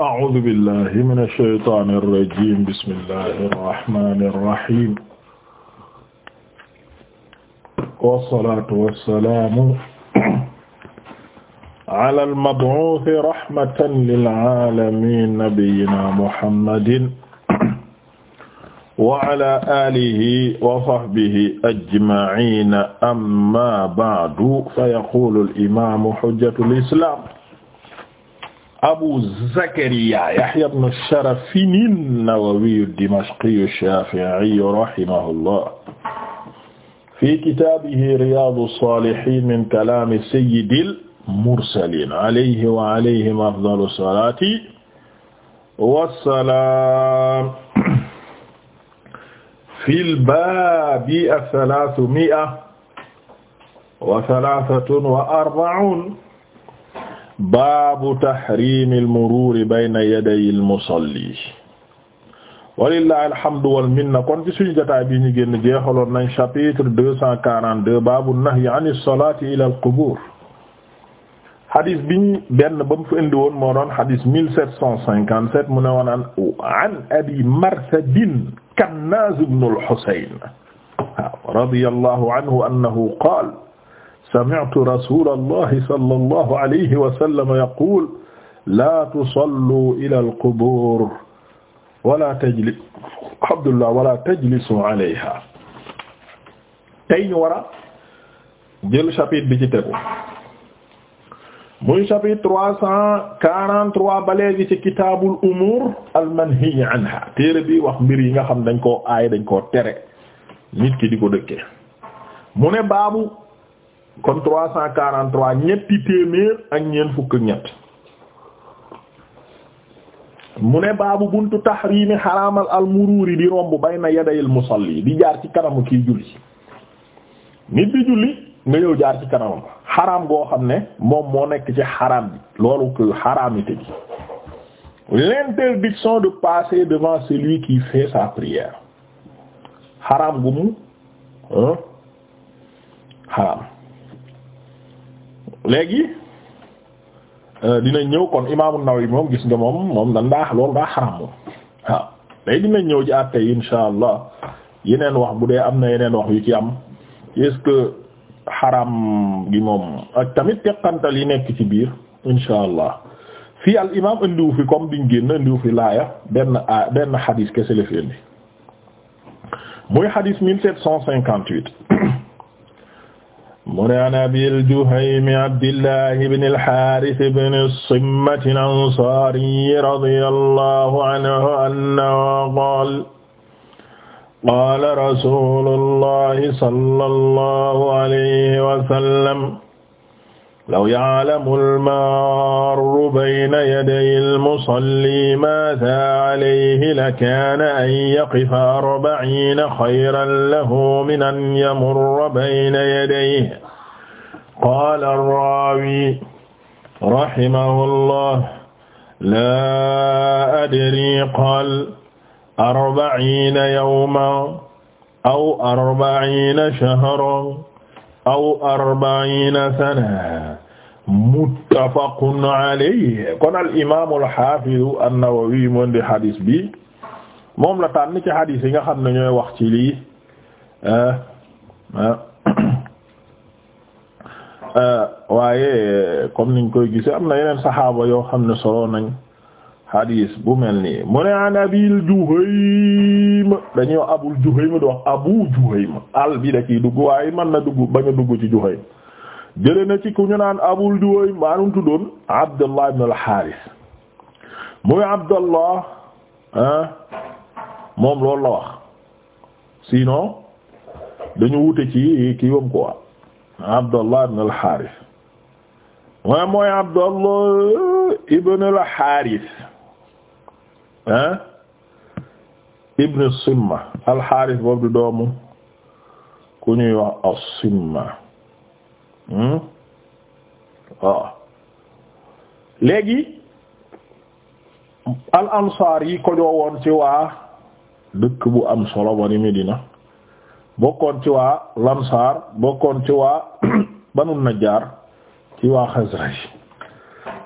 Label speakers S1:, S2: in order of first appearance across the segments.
S1: a'uuzu billahi mina shaytaani rajiim bismillahi rahmaani rahiim wassalaatu wassalaamu alal mab'uusi rahmatan lil aalamiin nabiyyinaa Muhammadin wa alaa aalihi wa sahbihi ajma'iin ammaa ba'du fa yaquulu al imaamu hujjatul islaam Abu Zakariya Yahya ibn Sharafin an-Nawawi ad-Dimashqi ash-Shafi'i rahimahullah fi kitaabihi Riyaadu as-Saalihiin min kalaami sayyidil mursaliin alayhi wa alayhim afdalu salaati wassalaam fil baabi ath-thalaathumi'a wa thalaathun wa arba'uun baabu taxrimi almururi bayna yaday almusalli walillahi alhamdu wal minna kon ci suñu jotaay bi ñu génn jeexaloon nañ chapitre deux cent quarante deux baabu nahyi an alsalati ila alqubur xadis biñ benn ba mu fi indi woon moo doon xadis mille sept cent cinquante sept mu ne woon an an abi marsadin kannaz ibn al-husayn radiyallahu anhu annahu qaala sami'tu rasulallahi sallallahu alayhi wa sallam yaqul laa tusallu ila alqubur wala tajlis abdullah wala tajlisu alayha tey ñu war a jël chapitre bi ci tegu muy chapitre trois cent quarante trois ba léegi ci kitaabul umuur almanhiyi anha téere bi wax mbir yi nga xam dañ koo aay dañ koo tere nit ki di ko dëkkee mu ne baabu kon trois cent quarante trois ñetti téeméer ak ñeent fukk ñett mu ne baabu buntu tahrimi xaraamal almuruuri di romb na yadayil musalli di jaar ci kanamu kii julli nit di julli nga yow jaar ci kanamam xaraam goo xam ne moom moo nekk ci xaraam bi loolu ko xaraamité bi l'interdiction de passer devant celui qui fait sa prière xaraam gu mu xaraam léegi euh, dina ñëw kon imaamu yi moom gis nga moom moom dan daa loolu daa xaram moom waaw léegi dina ñëw ci àtte yi insha allah yeneen wax bu dee am na yeneen wax yu ci am est-ce que xaram gi moom ak tamit teqantal yi nekk ci biir insha allah fii al imam indiwu fi comme biñ génn indiwu fi laaya benn a benn xadis kese la fi indi muy xadis mille sept cent cinquante-huit mu ne an abil juhaymi abdillahi ibn al-haaris ibn simmat al-ansaari radiyallahu anhu annahu qaala qaala rasuulullahi sallallahu alayhi wa sallam law ya'lamu al-maarru bayna yaday al-musalli maaza alayhi lakaana an yaqifa arba'iina xayran lahu min an yamurra bayna yadayhi qaala arraawi rahimahullah laa adri qaal arba'iina yawman aw arba'iina shahran aw arba'iina sanatan muttafaqun alayhi kon al imaam al haafiz an-Nawawi moom di xadis bi moom la tànn ci xadis yi nga xam ne ñooy wax ci lii eh, eh. Euh, waaye comme niñ koy gise am na yeneen saxaaba yoo xam ne solo nañ hadis bu mel nii mu ne an abil Juhaym dañuy wax abul Juhaym di wax abu Juhaym al bi da ciy dugg waaye mën na dugg bañ a dugg ci Juhaym jële na ci ku ñu naan abul Juhaym maanum tuddoon Abdullah ibn al-Harith muy Abdullah ah moom loolu la wax sinon dañu wute ci kii wam quoi Abdallah ibn al-Harith waaye mooy Abdallah ibn al-Harith ah ibn boobu doomu ku ñuy wax as-Simma hmm? waaw al-Ansaar yi ko joowoon ci waa dëkk bu am solo ba ni bokkoon ci waa Lansar bokkoon ci waa Banu Najjar ci waa Xasraj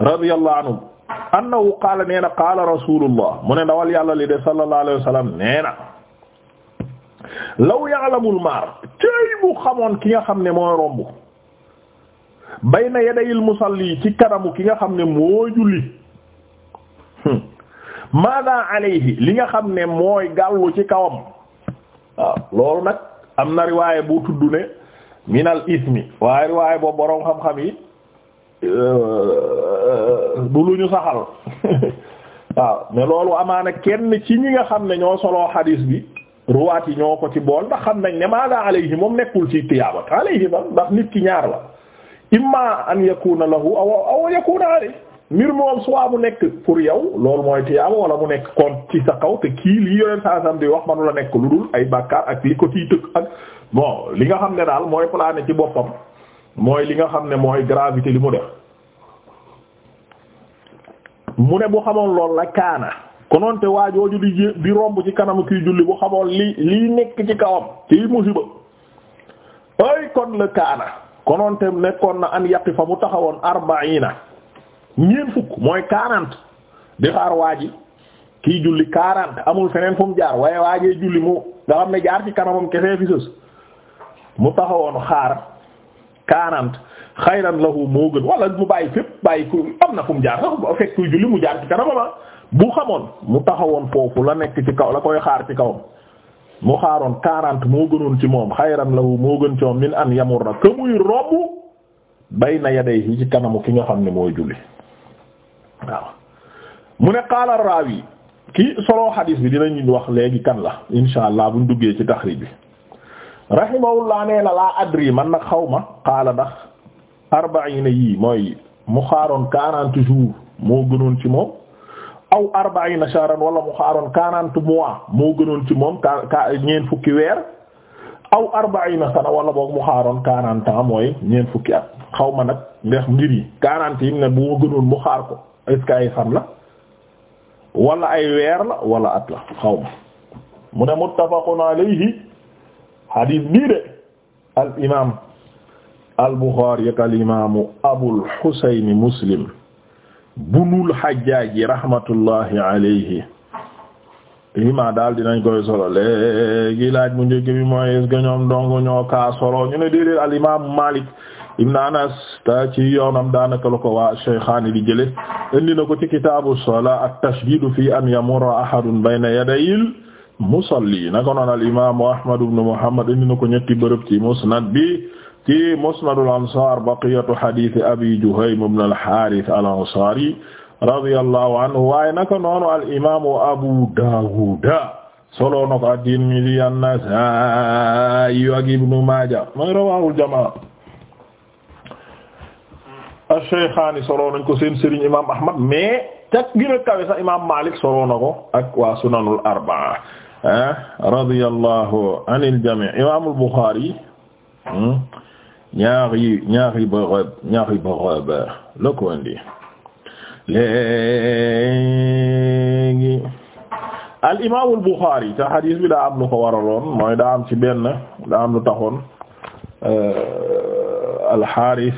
S1: radiyallahu anhu annahu qaala nee na qaala rasulullah mu ne ndawal yàlla li de sallallahu alayhi wa sallam nee na law ya'lamul maar tey bu xamoon ki nga xam ne mooy romb bayna yadayil musalli ci kanamu ki nga xam ne moo julli hmm, maada alayhi li nga xam ne mooy gàllu ci kawam waaw loolu nag am na riwaaye bu tudd ne minal ismi waaye riwaaye boobu boroom xam-xam yi euh, du lu ñu saxal waaw ne amaan amaana kenn ci ñi nga xam ne ñoo soloo xadiis bi ruwaat yi ñoo ko ci bool ndax xam nañ ne maada alayhi moom nekkul ci tiyaabat alayhi ba ndax nit ki ñaar la imma an yakuna lahu aw aw yakuna alayhi mbir moom soit mu nekk pour yow loolu mooy tiyaaba wala mu nekk kon ci sa kaw te kii lii yoneen saa sam di wax manu la nekk lu dul ay bàkkaar ak li ko ciy tëkk ak bon li nga xam ne daal mooy plané ci boppam mooy li nga xam ne mooy gravité li mu def mu ne bu xamoon loolu la kaana konoonte waajooju di di romb ci kanam kiy julli bu xamoon li liy nekk ci kawam ci musiba ay kon la kaana konoonte nekkoon na an yàqi fa mu taxawoon arbaina ñeent fukk mooy quarante di xaar waa ji kii julli quarante amul feneen fu mu jaar waaye waajee julli mu nga xam ne jaar ci kanamam kese fi sës mu taxawoon xaar quarante xayran lahu moo gën wala mu bàyyi fépp bàyyi ku am na fu mu jaar sax fekk kuy julli mu jaar ci kanamam ah. bu xamoon mu taxawoon foofu la nekk ci kaw la koy xaar ci kaw mu xaaroon quarante moo gënoon ci moom xayran lahu moo gën ci moom min an yamurra ka muy na bayna yadayhi ci kanamu ki nga xam ne mooy waaw mu ne qaala yi kii solo xadiis bi dinañu wax léegi kan la insha allah buñ duggee ci taxriij bi rahimahullah nee na laa adri man nag xaw ma qaala ndax arbaina yii mooy mu xaaroon quarante jours moo gënoon ci moom aw arbaina xaaroon quarante mois moo gënoon ci moom ka ñeent fukki weer aw arbaina sana wala boog mu xaaroon quarante ans mooy ñeent fukki at xaw ma nag ndax mbir yi quarante yi ne bu gënoon mu xaar ko est ce ay fan la wala ay weer la wala at la xaw ma mu ne muttafaqun alayhi hadis bii de al imaam al buxaari ak al imaamu abul xusayni muslim bunul xajjaaji rahmatullahi alayhi ima daal dinañ koy solo léegi laaj mu njëkk bi mooy est ñoom dong ñoo kaa ñu ne déedéet al imaamu Maalik ibn anas ta ci yoonam daanaka la ko waa shaykhaani di jële indi na ko ci kitaabu salaa at-tashdiid fi an yamurra ahadun bayna yadayil musalli naka noon al imaamu ahmad ibn muhammad indi na ko ñetti bërëb ci musnad bi ci musnadul ansaar baqiyatu hadiisi abi juhaym ibn al-haaris al-ansaari radiyallahu anhu waaye naka noonu al imaamu abu daawuda solo na ko at-tirmidhi an-nasaa'i ak ibnu maaja mooy rawaahul jamaa ash-Shaykhaani soloo nañ ko seen sëriñ imaam Ahmad mais ca gën a imaam Maalik soloo na ko ak waa sunanul arbaa ah radiyallahu anil jamii imaamul Buxaari hmm, am waraloon mooy daa ci benn daa lu taxoon euh, al Haaris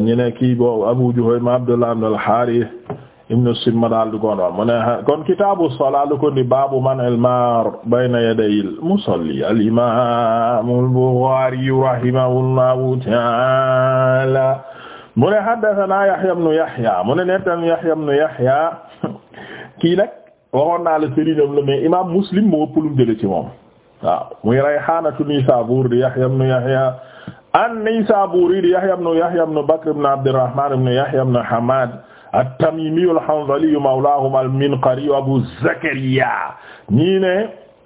S1: ñu ne kii boobu Abu Juhayma Abdullah ibn al-Harith ibn Simma daal di ko doon mu ne kon kitaabu salaa lu ko ni baabu man al-maar bayna yadayil musalli al-imaam al-Bukhaari rahimahullahu ta'aala mu ne haddathanaa Yahya ibn Yahya mu ne nettan Yahya ibn Yahya kii nag waxoon naa la sëriñam la mais imaam Muslim moo ëpp lu mu jëlee ci moom waaw muy Rayhaanatu Nisaabuur di Yahya ibn Yahya an-Naysaburi di Yahya ibn Yahya ibn Bakr ibn Abdirrahman ibn Yahya ibn Hamad at-Tamimi al-Hanzali mawlahum al-Minqari Abu Zakariya ñii ne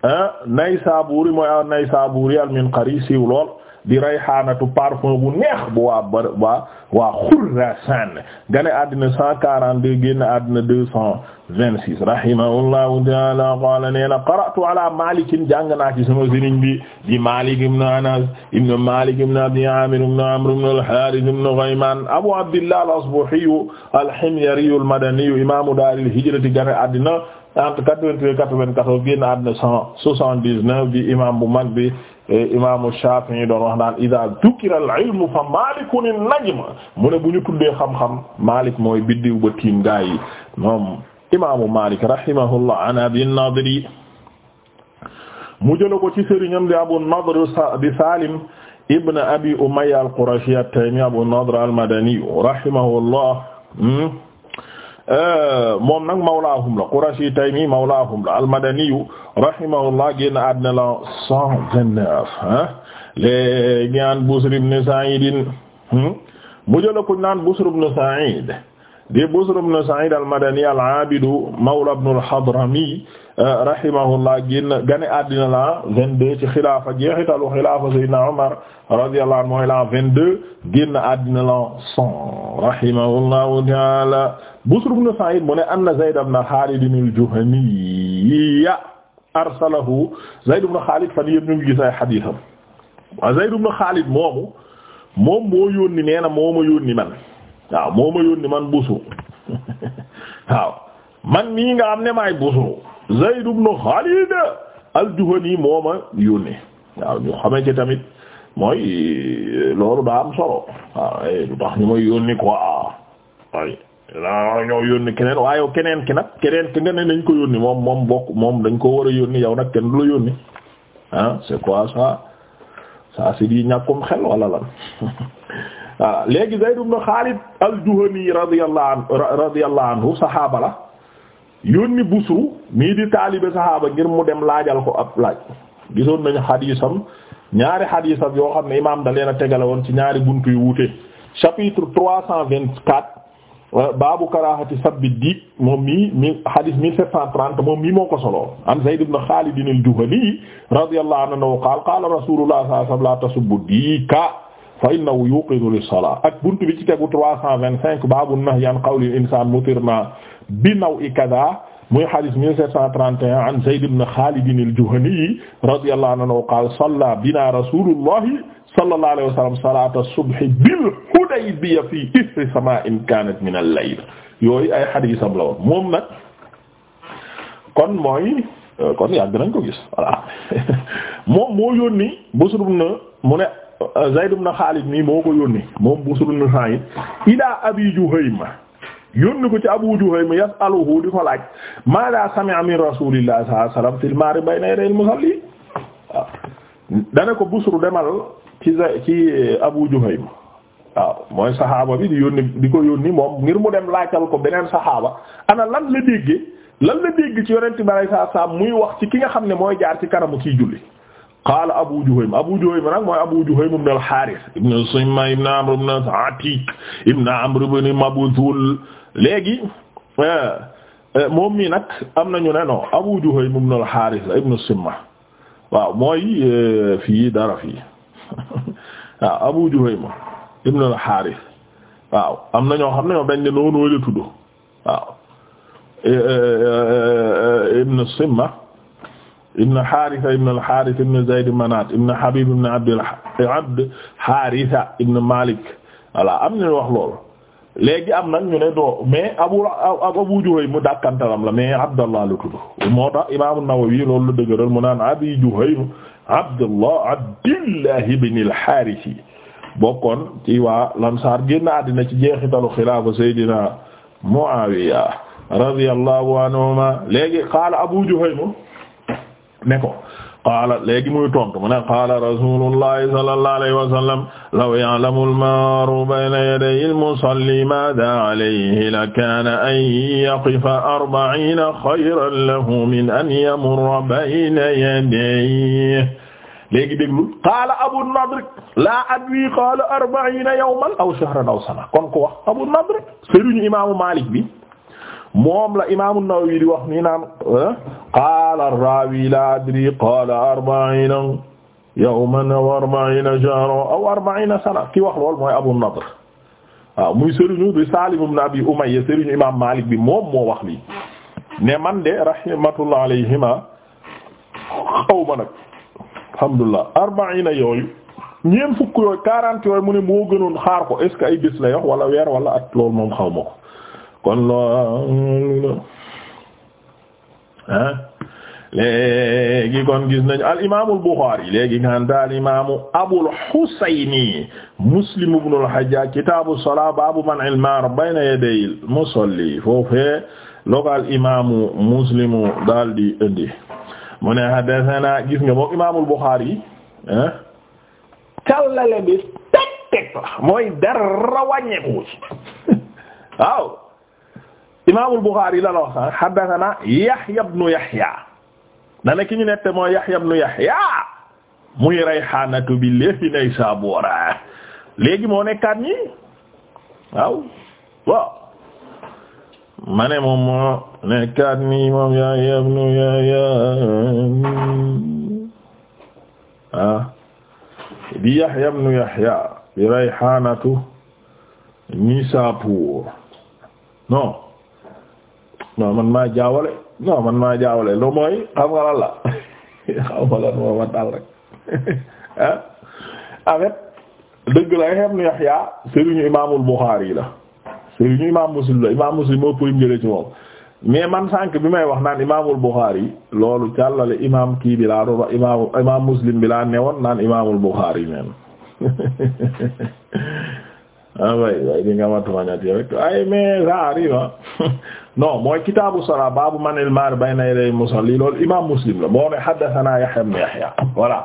S1: ah, Naysaburi mooy Naysaburi al-Minqari siiw lool di rayhaanatu parfum bu neex bu waa ba waa waa Xuraasaan gane àddina cent quarante-deux génn àddina deux cent vingt-six rahimahullahu ta'ala qaala neena qara'tu ala malikin jàng naa ci sama sëriñ bi di Malik ibn Anas ibn Malik ibn Abi Amir ibn Amr ibn al-Harith ibn Ghayman Abu Abdillah al-Asbahi al-Himyari al-Madani imamu dar al-hijrati gane àddina entre quatre-vingt-treize quatre-vingt-quatorze génn àddina cent soixante-dix-neuf di imam bu mag bi E, imaamu Shaafi'i doon wax naan idaa dukira al-ilmu fa Maalikun an-najm mu ne bu ñu tuddee xam-xam Maalik mooy biddiw ba tiim gaa yi moom imaamu Maalik rahimahullah an Abi an-Nadri mu jëla ko ci sëriñam di Abu an-Nadr di Saalim ibn Abi Umayya al-Qurashi at-Taymi Abu an-Nadr al-Madani rahimahullah hmm? Euh, moom nag mawlaahum la Qurashi Taymi mawlaahum la almadaniyu rahimahullah génn àddina la cent vingt-neuf ah léegi an Busr ibn Sa'id hmm? mu jëla ko naan Busr ibn Sa'id di Busr ibn Sa'id al-Madani al-Abidu mawla ibn al-Hadrami euh, rahimahullah génn gane àddina la 22 ci xilaafa jeexitalu xilaafa Sayyidina Umar radiyallahu anhu mooy la 22 génn àddina la 100 rahimahullahu ta'ala Busr ibn Sa'id mu ne anna Zayd ibn Khalid al-Juhani arsalahu Zayd ibn Khalid fan yëpp ñu ngi gis ay xadiisam waaw Zayd ibn Khalid moomu moom moo yónni nee na moo ma yónni man waaw moo ma yónni man Busr waaw man mii nga xam ne maay Busr Zayd ibn Khalid al-Juhani moo ma yónni waaw ñu xamee ci tamit mooy loolu daa am solo waaw du eh, tax ñu may yónni quoi ay la ñoo yónni keneen waaye keneen ki nag keneen ki nga ne nañ ko yónni moom moom bokk moom dañ ko war a yónni yow nag kenn du la yónni ah c'est quoi ça ça c'est di ñàkkum xel wala lan voilà ah, léegi Zayd ibn Khalid al-Juhani radiyallahu anhu saxaaba la yónni Busru mii di taalibe saxaaba ngir mu dem laajal ko ab laaj gisoon nañu xadiisam ñaari xadiisam yoo xam ne imaam da leen a tegale woon ci ñaari buntu yu wuute chapitre trois cent vingt Euh, baabu karaahati sabbi diig moom mii mi hadis 1730 moom mii moo ko solo an Zayd ibn Khalid al-Juhani radiyallahu anhu qaala qaala rasulullah sallallahu alayhi wasallam la tasubbu diika fa innahu yuqidu lis-salaa ak buntu bi ci tegu 325 baabu nahyi an qawli al-insaan mutirna bi naw'i kadaa muy hadis 1731 an Zayd ibn Khalid al-Juhani radiyallahu anhu qaala salla binaa rasulullah sallallahu alayhi wa sallam salaata subhi bil Hudaybiya fii isri samaa'in kaanat min al-layl yooyu ay xadiisam la woon moom nag kon mooy kon yàgg nañ ko gis voilà moom moo yónni Busr ibn mu ne Zayd ibn Xaalid nii moo ko yónni moom Busr ibn Sa'iid ilaa Abi Juhayma yónni ko ci Abu Juhayma yas'aluhu di ko laaj maa daa sami'a min rasuulillahi sallallahu alayhi wa sallam fil maari bayna yaday al-musalli dana ko busru demal ci ci eh, Abu Juhaym waaw mooy saxaaba bi di yónni ko yónni moom ngir mu dem laajal ko beneen saxaaba ana lan la déggee lan la dégg ci yonent bi alayhi salaam muy wax ci ki nga xam ne mooy jaar ci kanamu kiy julli qaala Abu Juhaym Abu Juhaym nag mooy Abu Juhaym ibn al-Haaris ibn Simma ibn Amr ibn Atiik ibn Amr ibn Mabdhul léegi eh, eh, moom mii nag am nañu ne non Abu Juhaym ibn al-Haaris ibn Simma waaw mooy euh, fii dara fii waaw Abu Juhayma ibn al-Harith waaw am na ñoo xam ne ñoom dañ ne noonu way la tudd waaw e, e, e, ibn Simma ibn Haritha ibn al-Harith ibn Zayd Manat ibn Habib ibn Abd Abd Haritha ibn Malik voilà am na wax loolu léegi am nag ñu ne doo mais abu abu juhay mu dàkkantalam la mais abdallah la tudd moo tax imaamu loolu la mu naan abi juhay abdallah abdillah ibn al-Haaris bokkoon ci waa lansaar génn àddina ci jeexitalu xilaafa Seydina Muawiya radiyallahu anhuma léegi qaala abu juhay ne ko qaala léegi muy tontu mu ne qaala rasulullahi sallallahu alayhi wa sallam law ya'lamu al-maru bayna yaday al-musalli maadha alayhi lakaana an yaqifa arba'iina xayran lahu min an yamurra bayna yadayhi léegi déglu qaala Abu Nadr laa adri qaala arba'iina yawman aw shahran aw sana kon ko wax Abu Nadr sëriñu imaamu Maalik bi moom la imaamu Nawawi di wax nii naan eh, qaala raawi la adri qaala arba'iina yawman aw arba'iina shahran aw arba'iina sana ki wax lool mooy Abu Nadr waaw muy sëriñu Saalim ibn Abi Umayya sëriñu Maalik bi moom moo wax lii ne man de rahmatullah alayhima xaw ma nag alhamdulillah arba'iina yooyu fukk yooyu quarante yooyu mu ne moo gënoon xaar ko est ce que ay wala weer wala at loolu moom xaw kon loolu ah léegi kon gis nañu al imaamul Buxaari léegi kan daal imaamu Abul Husayni Muslim ibnul Hajjaaj kitaabu salaa baabu man'il maar bayna yadayil musalli foofee logal imaamu Muslimu daal mu ne haddasanaa gis nga moom imaamul Buxaari ah càllale bi teg teg la mooy dara wàññeeku waaw. imaamul Buxaari la la wax sax haddathana Yahya ibnu Yahya dana ki ñu nette mooy Yahya ibnu Yahya muy Rayhaanatu bi léegi Naysaabuur léegi moo nekkaat ñi waaw waaw ma ne moom moo nekkaat nii moom Yahya ibnu Yahya ah di Yahya ibnu Yahya bi Rayhaanatu Naysaabuur non non man maa jaawale non man maa jaawale lu mooy xam nga lan la xaw ma lan moo ma dal rek ah en dëgg la Ibn Yahya sëriñu imaamul Bukhari la sëriñu imaam Muslim la imaam Muslim moo pour jëlee ci moom mais man sànq bi may wax naan imaamul Bukhari loolu càllale imaam kii bi laa doon wax imaam Muslim bi laa newoon naan imaamul Bukhari neen ah, ay mais ça arrive no mooy kitaabu salaa baabu manil maar bayna yaday muslim la moo ne Yahya ibn Yahya voilà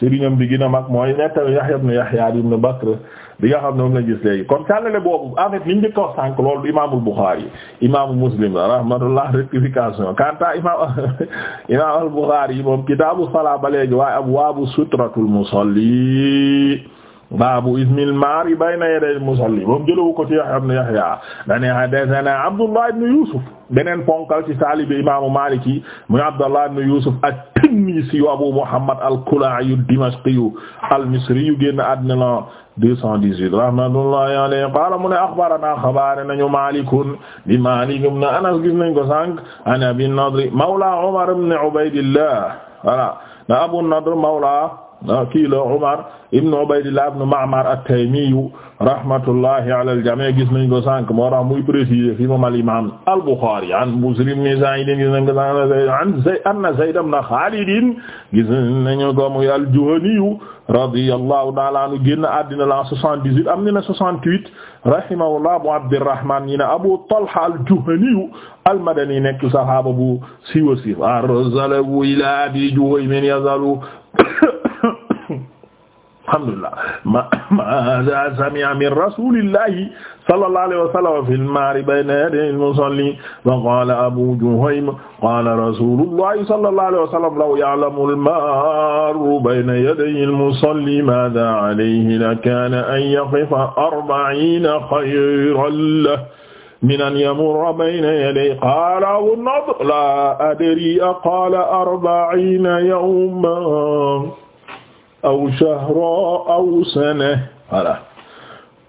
S1: sëriñam bi gën a mag mooy nettali Yahya ibn Yahya ibn Bakr bi nga la gis léegi kon càllale boobu en fait niñ njëkk wax sànk loolu imaamul Bukhari imaamu muslim la rahmatullah rectification kanta imaam imaamul Bukhari moom kitaabu salaa ba léegi baabu ismil maari bayna yaday musalli moom jëlawu ko ci Yahya ibn Yahya dane haddathana Abdullah ibn Yusuf beneen ponkal ci taalibi imaamu Maliki muy Abdullah ibn Yusuf at-Tinnisi yu Abu Muhammad al-Kala'i ad-Dimashqi al-Misri yu génn àddina la 218 rahmatullahi alayhi qala mu ne akhbarana xabaare nañu Malikun di Malik ibn Anas gis nañ ko sànq an Abi Nadr mawla Umar ibn Ubaydillah voilà na Abu Nadr mawla Ah, kii la Umar ibn Ubaydillah ibn Ma'mar at-Taymiyu rahmatullahi ala al-jami' gis nañ ko sànq moo tax muy préciser fi moom al-imam al-Bukhari an Muslim ni Sa'id gis nañ ko sànq anna Zayd ibn Khalid gis nañu ko muy al-Juhaniyu radiyallahu ta'ala anhu génn àddina la 78 am na 68 rahimahullah Abu Abdirrahman ñi ne Abu Talha al-Juhaniyu al-Madani nekk sahaaba bu siiwa siiw alhamdulillah ma ma sami'a min rasulillahi sallallahu alayhi wa sallam fil mari bayna yaday al-musalli wa qala abu juhaym qala rasulullahi sallallahu alayhi wa sallam law ya'lamu al-maru bayna yaday al-musalli madha alayhi lakana an yaqifa arba'ina khayran lahu min an yamurra bayna yaday qala abu nadr la adri qala arba'ina yawman aw shahro aw sene voilà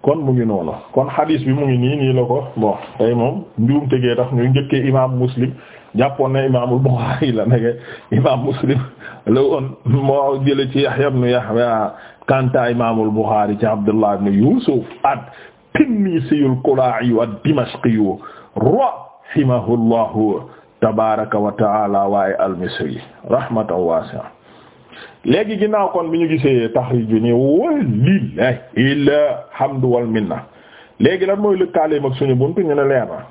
S1: kon mu ngi noonu kon hadis bi mu ngi nii nii la ko bon tey moom njuum tegee tax ñu njëkkee imam muslim jàppoon na imaamul Buxaari la nekk imam muslim la woon moo jële ci Yahya ibn Yahya kanta imaamul Buxaari ci Abdullah ibn Yusuf at-Tinnisiyu al-Kalaa'iyu ad-Dimashqiyu rahimahullahu tabaaraka wa ta'aala wa al-Misri rahmatan waasi'a léegi ginnaaw kon bi ñu gisee taxriju ni walillahi alhamdu wal minna léegi lan mooy lëkkaaleem ak suñu bunt ñu ne leer na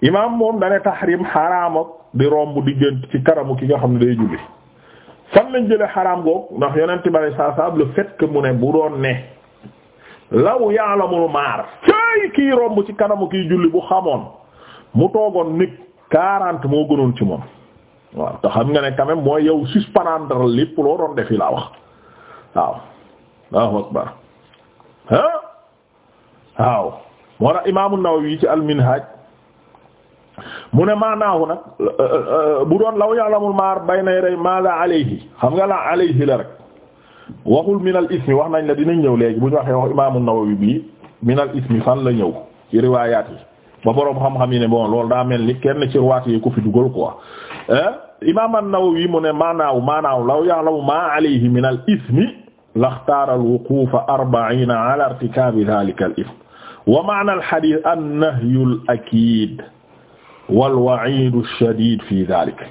S1: imaam moom dane taxrim xaraam ak di romb diggante ci karamu ki nga xam ne day julli fan lañ jële xaraam goog ndax yonent bari saa saab le fait mu ne bu doon ne law yaalamul maar cay kii romb ci kanamu kiy julli bu xamoon mu toogoon nit quarante moo gënoon ci moom waaw te xam nga ne quand mooy mooy yow suspendre lépp loo doon defi laa wax waaw waaw moo tax imaamu Nawawi ci al-Minhaj mu ne maanaahu nag euh, euh, euh, bu doon law ya'lamul maar bayna yaday ma la alayhi xam nga la alayhi la rek waxul min al ismi wax nañ la dinañ ñëw léegi bu ñu waxee wax imaamu Nawawi bii min al ismi fan la ñëw ci riwaayaat yi ba borom xam-xam yi ne bon loolu daa mel ni kenn ci ruwaat yi ko fi dugal quoi eh? imaam an-Nawawi mu ne maanaaw maanaaw law ya'lamu maa alayhi min al-ithmi laxtaara al-wuquufa arba'iina ala irtikaabi dhaalika al-ithm wa ma'na al-hadiith an-nahyu al-akiid wal-wa'iid ash-shadiid fii dhaalika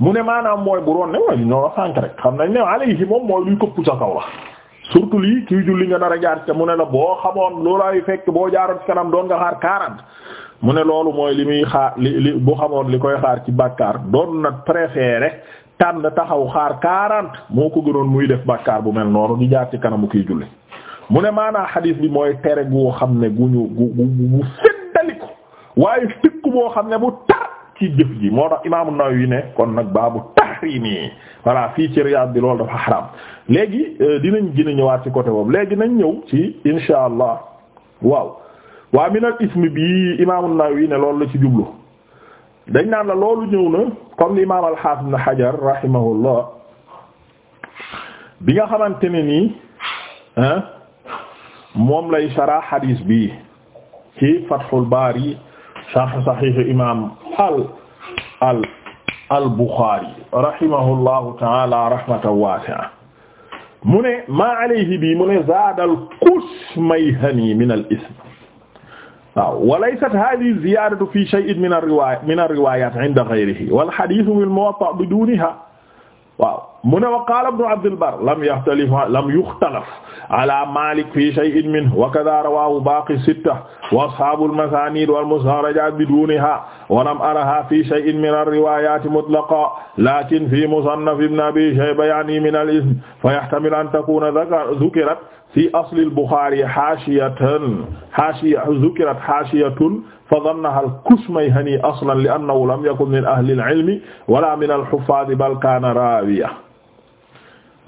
S1: mu ne maanaam mooy bu doon ne mooy ñoo sànk rek xam nañ ne alayhi moom mooy luy këpp sa kaw la surtout lii kii julli nga dara a jaar ca mu ne la boo xamoon ay fekk boo jaaroon ci kanam doon nga xaar quarante mu ne loolu mooy li muy xaar li li bu xamoon li koy xaar ci bàkkaar doon na préféré tànn taxaw xaar quarante moo ko gënoon muy def bàkkaar bu mel noonu di jaar ci kanamu kii julli mu ne maanaa xadiis bi mooy tere goo xam ne gu ñu gu gu gu ko waaye tëkk boo xam ne bu tar ci jëf ji moo tax imaamu Nawawi ne kon nag baabu tahriimi voilà fii ci Riyad bi loolu dafa xaraam léegi euh, dinañ gën a ñëwaat ci côté boobu léegi nañ ñëw ci insha allah waaw waa minal ismi bi imaam an ne loolu la ci jublu dañ naan la loolu ñëw na comme l'imam al-Hafiz Ibn Hajar rahimahullah bi nga xamante ne nii moom lay sarah hadis bi ci Fathul yi sharh Sahih imam al al al-Bukhari rahimahullahu ta'ala rahmatan wasi'a mu ne maa alayhi bi mu ne zaadal Kushmayhani min al-ism waaw wa laysat haadhihi ziyaadatu fi shay'in min ar-riwaaya min ar-riwaayaat 'inda ghayrihi wal hadiithu fil Muwatta biduunihaa waaw mu ne wa qaala ibnu Abdil Barr lam yaxtalif lam yuxtalaf ala Maalik fii shay'in minhu wa kadhaa rawaahu baaqi sitta wa ashaabul masaaniid wal mustaxrajaat biduunihaa wa lam arahaa fii shay'in min ar-riwaayaati mutlaqan laakin fii musannaf ibni abii shayba ya'nii min al-ism fa yahtamilu an takuuna dhukirat fii aslil Buxaari haashiyatan haashiya dhukirat haashiyatun فظنها الكشميهني أصلا لأنه لم يكن من أهل العلم ولا من الحفاظ بل كان راويا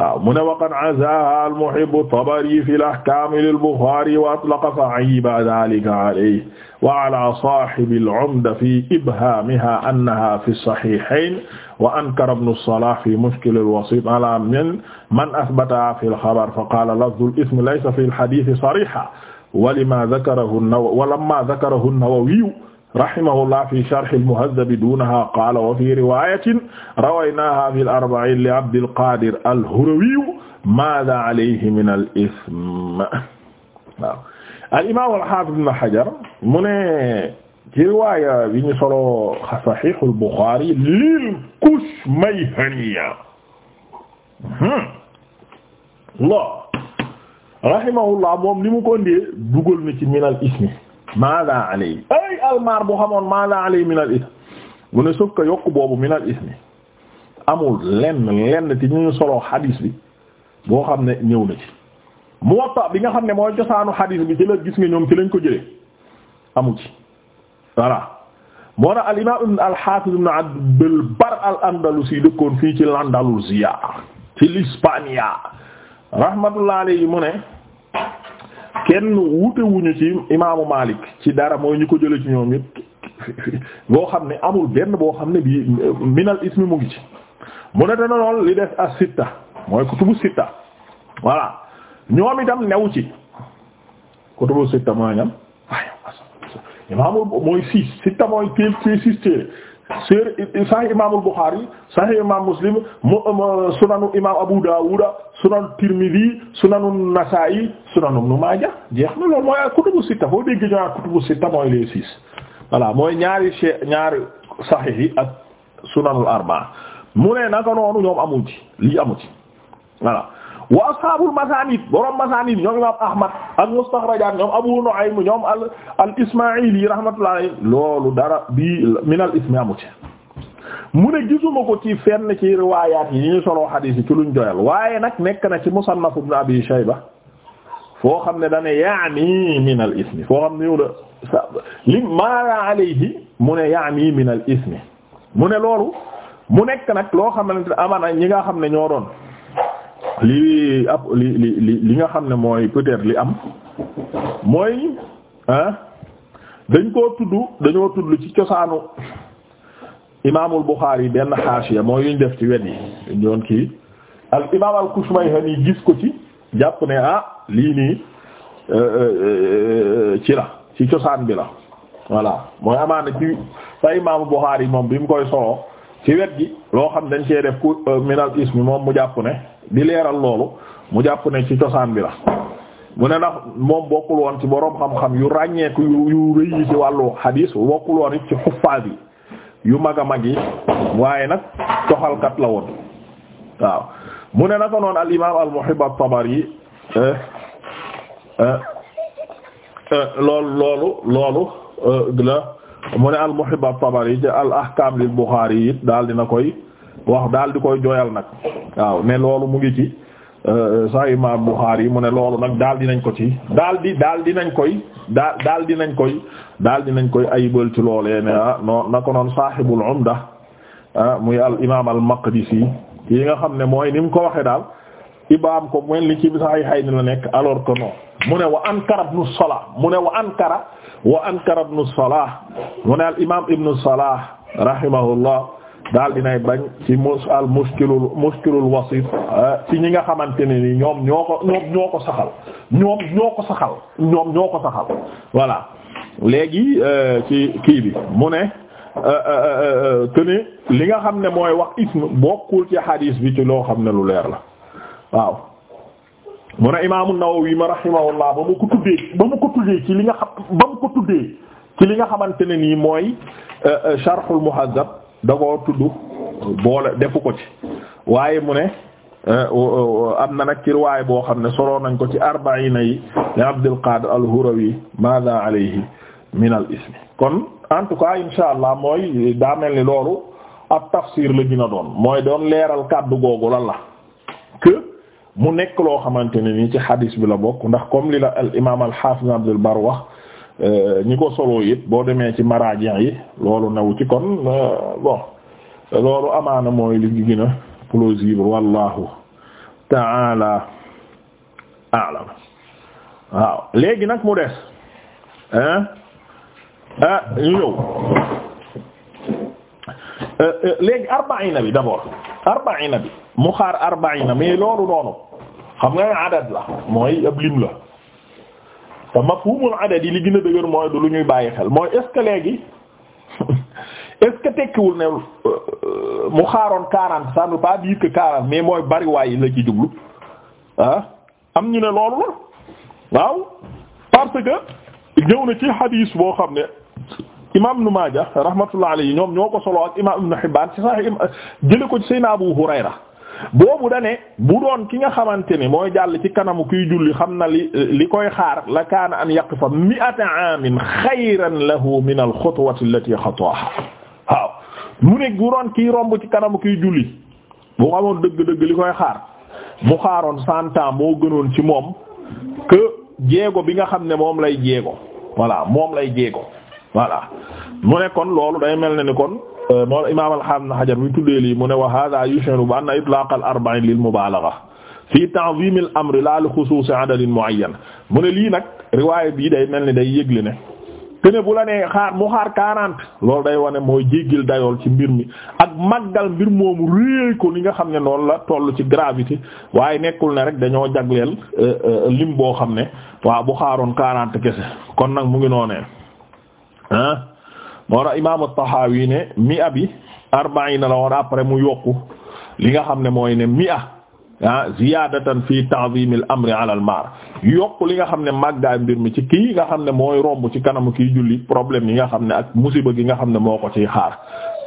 S1: waaw mu ne waqad azaha al-Muhibbu at-Tabari fi al-ahkam lil-Bukhari wa atlaqa fa'iba dhalika alayhi wa ala sahibi al-'Umda fi ibhamiha annaha fi as-sahihayn wa ankara ibn as-Salah fi mushkil al-wasit ala man man athbataha fi al-khabar faqala lafdhu al-ithm laysa fi al-hadith sarihan wa lima dhakarahu an-Nawawi wa lamma dhakarahu an-Nawawi rahimahullah fi sharh al-Muhadhab dunaha qala wa fi riwayatin rawaynaha fi al-arba'in li Abdil Qadir al-Hurawi madha alayhi min al-ithm waaw al-imam al-hafiz ibn Hajar mu ne ci riwaya bi ñu solo sahih al-Bukhari lil-Kushmayhaniya hmm. rahimahullah moom ni mu ko ndee dugal na ci min al-ithm maada alay almaar bu xamoon maada alay min al ism mu ne sauf que yokk boobu min al amul lenn lenn ci ñu ñu soloo xadiis bi boo xam ne ñëw na ci Muwatta bi nga xam ne mooy cosaanu xadiis bi ci la gis nga ñoom ci lañ ko jëlee amu ci voilà moo na al imaam al al al-Andalusi dëkkoon fii ci l'Andalusiya ci l'Hispania rahmatullah alayhi mu ne kenn wute wuñu ci imaamu Malik ci dara mooy ñu ko jële ci ñoom boo xam ne amul benn boo xam ne bii minal ismi mu ngi ci mu ne dana lool li des as sitta mooy kutubu sitta voilà ñoom itam new ci kutubu sitta mooy ñam waaye mooy six sitta mooy téel ci six téere sër sahih imaamul Bukhari sahih imaam Muslim mu sunanu imaam Abu Dawud sunanu Tirmidhi Nasa'i sunanu Ibn Majah jeex na loolu mooy kutubu sitta foo dégg ñu naan kutubu sitta mooy les six voilà mooy ñaari che ñaari sahih yi ak sunanul arba'a mu ne naka noonu amu ci lii amu ci voilà. wa ashaabul masaanid borom masaanid ñoom imaam Ahmad ak mustaxrajaat ñoom Abu Nu'aym ñoom al al Ismaa'ili rahmatullahi alayhi loolu dara bii min al ismi amu ci mu ne gisuma ko ci fenn ci riwaayaat yi ñu soloo xadiis yi ci luñ doyal waaye nag nekk na ci musannaf ibn Abi Shayba foo xam ne dane yaani min al ismi foo xam ne yow da li maala alayhi mu ne yaani min al ismi mu ne loolu mu nekk nag loo xam ne amana ñi nga xam ne ñoo doon lii ab li li li nga xam ne mooy peut li am mooy ah dañ koo tudd dañoo tudd ci cosaanu imaamul Buxaari benn xaasiya mooy yuñ def ci wet yi ñoon kii al imaam al Kushmayhani gis ko ci jàpp ne ah lii nii euh, euh, ci la ci cosaan bi la voilà mooy amaana ci fa imaamul Buxaari moom bi mu koy solo ci wet gi loo xam dañ cee def ku euh, minal ismi moom mu jàpp ne bi leeral loolu mu jàpp ne ci cosaan bi la mu ne ndax moom bokkul woon ci boroom xam-xam yu ràññeeku yu rëy yi ci wàllu xadiis bokkul woon it ci xuffaas yi yu mag a mag yi waaye nag toxalkat la woon waaw mu ne naka noonu al imaam al muhib al tabari eh, eh, eh, loolu loolu loolu la mu ne al muhib al tabari ci al ahkaam lil buxaari it daal dina koy wax daal di koy jooyal nag waaw ne loolu mu ngi ci euh, sahih imam Bukhari mu ne loolu nag daal dinañ ko ci daal di daal dinañ koy daal daal dinañ koy daal dinañ koy ayibal ci loolee ne ah non na ko noon sahibul umda ah, muy al imam al Maqdisi yi nga xam ne mooy ni mu ko waxee daal ibaam ko mel ni ci sahih hay nekk alors que non mu ne wa ankara ibnu Salah mu ne wa ankara wa ankara ibnu Salah mu ne al imam ibnu Salah rahimahullah daal dinay bañ ci mus al muskilul muskilul wasit ah, ci ñi nga xamante ne ni ñoom ñoo ko ñoom ñoo ko saxal ñoom ñoo ko saxal ñoom ñoo ko saxal voilà léegi euh, ci kii bi mu ne te euh, euh, li nga xam ne mooy wax ism bokkul ci xadiis bi ci loo xam ne lu leer la waaw mu ne imaamu Nawawi ma rahimahullah ba mu ko tuddee ba mu ko tuddee ci li nga xam ba mu ko tuddee ci li nga xamante ne nii mooy sharhul muhazzab da ko tudd boole defu ko ci waaye mu ne eh, am na nag ci riwaaya boo xam ne soloo nañ ko ci arbaina yi li Abdul Qadir al-Hurawi maada alayhi min al ismi kon en tout cas insha allah mooy daa mel ni loolu ab tafsir la dina doon mooy doon leeral kàddu googu lan la que mu nekk loo xamante ne nii ci hadis bi la bokk ndax comme li la al imaam al-Hafiz Abdul Bar wax Euh, ñi ko solo it boo demee ci maraji yi loolu naw ci kon euh, bon loolu amaana mooy li gën a plausible wallahu taala aalam waaw léegi nag mu des hein ah ñu ñëw euh, léegi arbaina bi d'abord arbaina bi mu xaar arbaina mais loolu noonu xam nga adat la mooy ab lim la te mafhumul adad yi li gën a dëgër mooy du lu ñuy bàyyi xel mooy est-ce que ne euh, mu xaaroon quarante ça ne veut pas dire que mais mooy bariwaay yi la ci jublu ah am ñu ne loolu la waaw parce que ñëw na ci hadis boo xam ne imam Ibn Maaja rahmatullah alayhi ñoom ñoo ko solo ak imam Ibn Hibbaan ci Sahih jële ko ci Seydina Abu Hurayra boobu da ne bu doon ki nga xamante ni mooy jàll ci kanamu kuy julli xam na li li koy xaar la kaana an yaqifa mi'ata aamin xayran lahu min al xutwati allati xataaha waaw mu ne bu doon kiy romb ci kanamu kuy julli bu xamoon dëgg-dëgg li koy xaar mu xaaroon santa moo gënoon ci moom que jéego bi nga xam ne moom lay jéego voilà moom lay jéego voilà mu ne kon loolu day mel ne ni kon Euh, moo imaam al-Haafiz Ibn Hajar bi tuddee lii mu ne wa haaza yushiru bi anna itlaaq al-arba'iin lil mubaalagha fii ta'ziim al-amr laa li xusuusi adadin mu'ayyan mu ne lii nag riwaay bii day mel ni day yëgle ne kene bu la nee xaar mu xaar quarante loolu day wane mooy jéggil dayool ci mbir mi ak màggal mbir moomu réey ko li nga xam ne noonu la toll ci gravité waaye nekkul ne rek dañoo jagleel euh, euh, lim boo xam ne waa bu xaaroon quarante kese kon nag mu ngi noonee ah moo tax imaamu Tahawi ne mi a bi arbaina la woon après mu yokku li nga xam ne mooy ne mi a ah ziyaadatan fi ta'zim al amri ala al mar yokk li nga xam ne màggaay mbir mi ci kii nga xam ne mooy romb ci kanamu kii julli problème yi nga xam ne ak musiba gi nga xam ne moo ko ciy xaar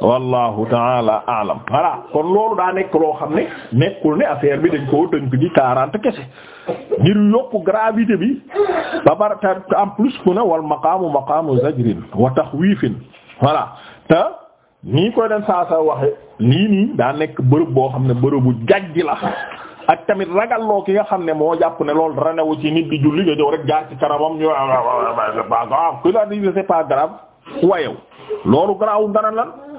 S1: wallahu taala alam voilà kon loolu daa nekk loo xam ne nekkul ne affaire bi dañ koo tënk ci quarante kese ngir yokku gravité bi ba pare en plus ku ne wal maqaamu maqaamu zajrin wa taxwiifin voilà te nii koy den saa sa waxe lii nii daa nekk bërëb boo xam ne bërëbu jajji la ak tamit ragalloo ki nga xam ne moo jàpp ne loolu ranewu ci nit di julli nga ñëw rek jaar ci kanamam ñu ah, ah, ah, wayew loolu garawu dara